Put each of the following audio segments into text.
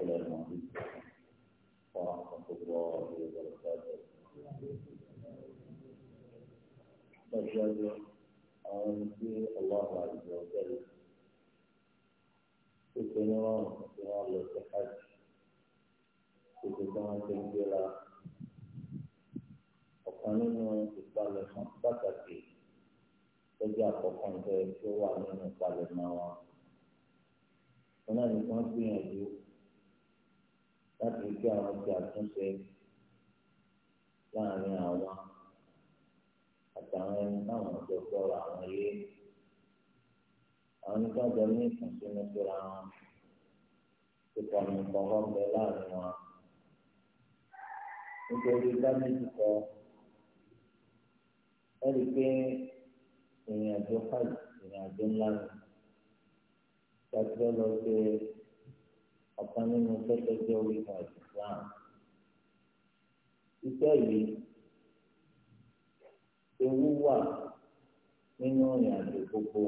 إلى الماضي ورحمة الله وبركاته أشهد أن الله عز وجل يتنرى يتنرى للتحج يتنرى تنجيلا وقانون يتنرى خمسة lọ́jọ́ àkọ́kọ́ nǹkan ẹ̀ tó wà nínú ìpalẹ̀mọ́ wa. wọn náà ní kí wọ́n gbìyànjú láti rí àwọn ti àtúnṣe láàrin àwọn àtàwọn ẹni táwọn jọ gbọ́ra àwọn ilé àwọn nípa jọ ní ìkànsínú síra wọn ìkànnì kọ̀ọ̀kan bẹ láàrin wọn nítorí dáméjì kọ ẹ pé ìrìn àjò ńlá ni ṣàtúnyẹ lọ sí ọ̀kan nínú tẹ́tẹ́ jẹ́ orígun ẹ̀sìn Iṣẹ́ yìí ewu wà nínú ìrìn àjò gbogbo.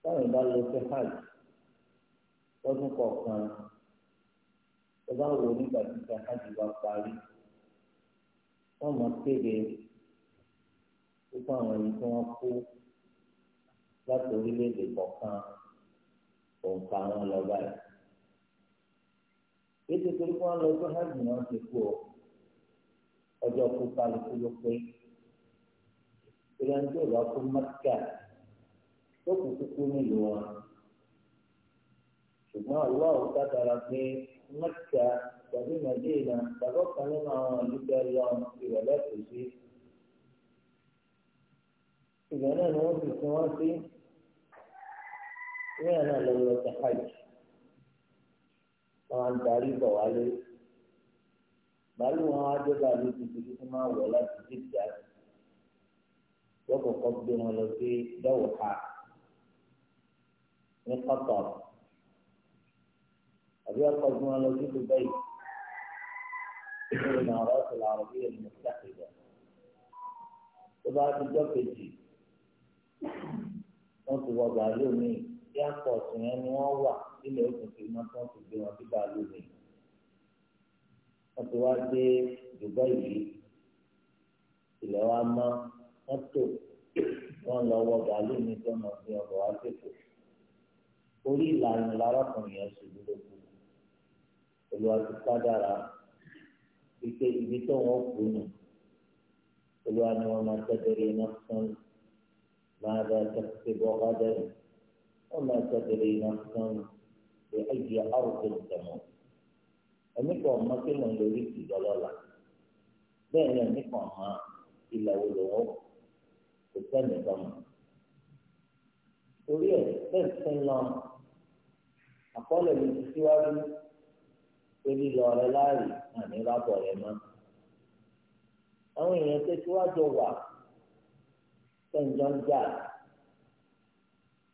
Táwọn ìbá lọ sí hajj lọ́dún kọ̀ọ̀kan, ẹ bá wò nígbà tí ìgbà hajj bá parí. Wọ́n mọ̀ kéde púpọ̀ àwọn ẹni tí wọ́n kú láti orílẹ̀-èdè kọ̀ọ̀kan. òǹkà wọn lọ báyìí ètò torí wọn lọ sí hajj náà ti kú ọ ọjọ́ kú kálukú ló pé ìrìn àjò ìwà fún mẹtíkà tó kù kúkú nílùú wọn ṣùgbọ́n ọlọ́run kátàrà pé mẹtíkà tàbí mẹdínà tàbí ọ̀kan nínú àwọn ìlúkẹ lọ ìrọ̀lẹ́ kù sí ìgbà ni fi fún wọn sí. انا لو تحج طبعا داري بوالي بل وعاد داري تجيك ما ولا تجيك جاك وكو قبضنا لكي دوحة من قطر أبي أقضنا لكي دبي في الإمارات العربية المتحدة وبعد الجوكي جي قلت وضع يومي airport yẹn ni wọ́n wà nílẹ̀ òkun tí wọ́n tán ti gbé wọn bí bàálù mi wọ́n ti wá dé Dubai yìí ilẹ̀ wa mọ́ wọ́n tò wọ́n lọ wọ bàálù mi tó mọ̀ bí ọkọ̀ wá tètè orí ìlànà lárakùnrin yẹn ṣubú lóko olùwà ti pàdára wípé ibi tó wọn kú nù olùwà ni wọn máa tẹ́tẹ̀rẹ́ náà sọ́nù máa bá tẹ́tẹ́ bọ́ ọ́dẹ́rẹ́. وما تدري نفس بأي أرض تموت ẹnìkan ọmọ tí mò ń lórí ìjọ lọ́la bẹ́ẹ̀ ni ẹnìkan ọmọ ilẹ̀ wo lòun kò sẹ́ni sọmọ torí ẹ̀ bẹ́ẹ̀ ti ń lọ àkọọ́lẹ̀ mi ti síwájú pé lílọ rẹ láàyè àní rábọ̀ rẹ mọ́ àwọn èèyàn tẹ̀síwájú wà sẹ́ńjọ́ ń jà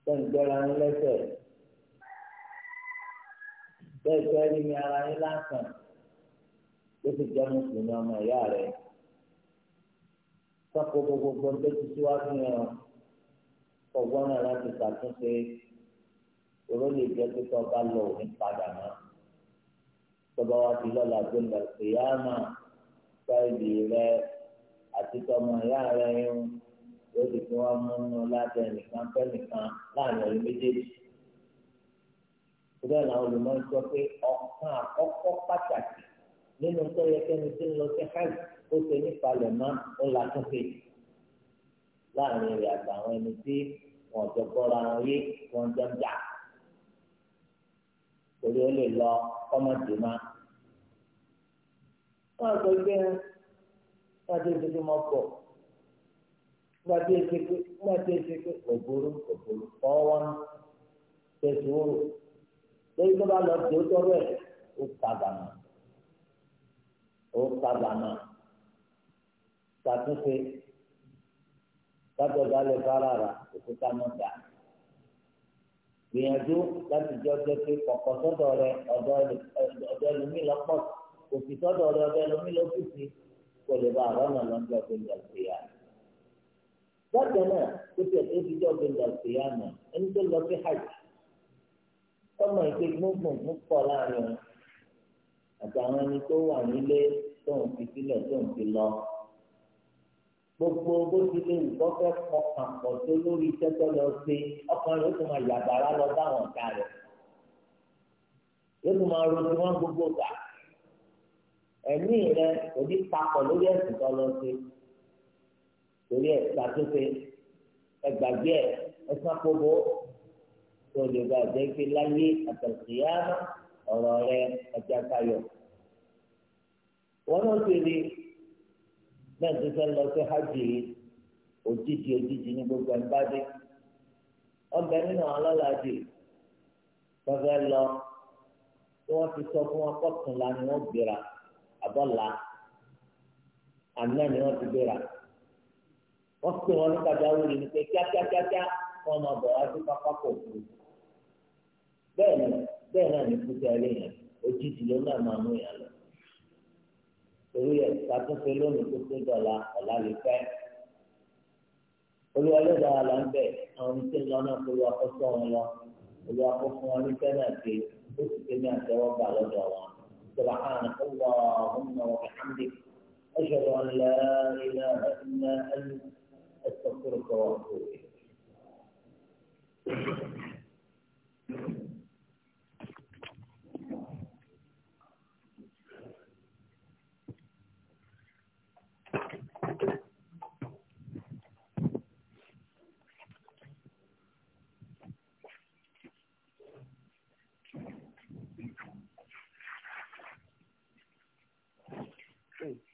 tẹ̀gbẹ́ra ń lẹ́sẹ̀ tẹ̀gbẹ́ rí mi ara yín lásán tó sì jẹ́ mùsùlùmí ọmọ ìyá rẹ̀ sọ́kò gbogbo ń tẹ́tí síwájú yẹn ọgbọ́n náà láti ṣàtúnṣe òró lè jẹ́ pé tó bá lọ òní padà mọ́ tọba wa ti lọ́la tó lọ sí yáàmà sáìdì rẹ àti tọmọ ìyá rẹ yín yóò di kí wọ́n mú inú lábẹ́ nìkan pẹ́ nìkan láàrin ọ̀rẹ́ méjèèjì. Ìbẹ́ẹ̀ làwọn olùmọ̀ ń sọ pé ọ̀kan àkọ́kọ́ pàtàkì nínú tó yẹ kẹ́ni tí ń lọ sí hajj ó ṣe nípa lẹ̀ mọ́ ó la tún fi láàrin rẹ̀ àtàwọn ẹni tí wọ́n jọ gbọ́ra wọn yé wọ́n jọ ń jà. Torí ó lè lọ kọ́mọ̀dé máa. Wọ́n sọ pé wọ́n ti dúdú mọ́ pọ̀ nígbà tí èsì pé nígbà tí èsì pé ògbóró ògbóró ọwọ́ tẹ̀sí wóró lẹ́yìn tó bá lọ sí ọjọ́ bẹ́ẹ̀ ó padà mọ́ ó padà mọ́ ṣàtúnṣe látọ̀dá lè bára rà òkúta mọ́ta gbìyànjú láti jẹ́ ọjọ́ pé kọ̀kọ́ sọ́dọ̀ rẹ ọ̀dọ́ ẹlòmí lọ́pọ̀ òsì sọ́dọ̀ rẹ ọ̀dọ́ ẹlòmí lọ́pọ̀ kò lè bá àrọ́nà lọ́jọ́ tó lọ sí bákan náà tó ti ẹ̀sìn ìdíjọ́ gbẹ̀ngàn ìyáàmù ẹni tó lọ sí hajj ọmọ ìpè gbùngbùn ń pọ̀ láàrin àti àwọn ẹni tó wà nílé tó ń fi sílẹ̀ tó ń fi lọ gbogbo bó ti lè wù kó fẹ́ kọkàn pọ̀ tó lórí tẹ́tọ́ lọ sí ọkàn rẹ̀ ó tún máa yàgbára lọ báwọn ọ̀gá rẹ̀ yóò tún máa ronú wọn gbogbo gbà ẹ̀mí rẹ̀ kò ní papọ̀ lórí ẹ̀sìn tó lọ sí torí ẹ ṣàtúnṣe ẹgbàgbé ẹ ẹsán kóbó tó lè gba ọ̀jẹ́ pé láyé àtàkìyá ọ̀rọ̀ rẹ ẹja káyọ̀. wọn náà ti rí náà ti fẹ́ lọ sí hajj òjijì òjijì ní gbogbo ẹ̀ ń bá dé ọbẹ̀ nínú àwọn ọlọ́làjì fẹ́fẹ́ lọ tí wọ́n ti sọ fún wọn kọ́kànlá ni wọ́n gbéra àbọ̀là àná ni wọ́n ti gbéra wọ́n pè wọ́n ní pàjáwìrì ni pé kíákíákíá wọ́n máa bọ̀ wá sí pápákọ̀ òfurufú. bẹ́ẹ̀ ni bẹ́ẹ̀ náà ní kúta ẹ̀rí yẹn òjijì ló náà máa mú yàn lọ. torí ẹ̀ ṣàtúnṣe lónìí tó tó dọ̀la ọ̀la lè fẹ́. olúwa yóò dára là ń bẹ̀ àwọn oníṣẹ́ ńlá náà kó olúwa kó sọ wọn lọ olúwa kó wọn níṣẹ́ náà ó sì ṣe ní àtẹ́wọ́gbà lọ́dọ̀ wọn. سبحانك اللهم وبحمدك أشهد أن لا إله إلا أنت kuru Thank you.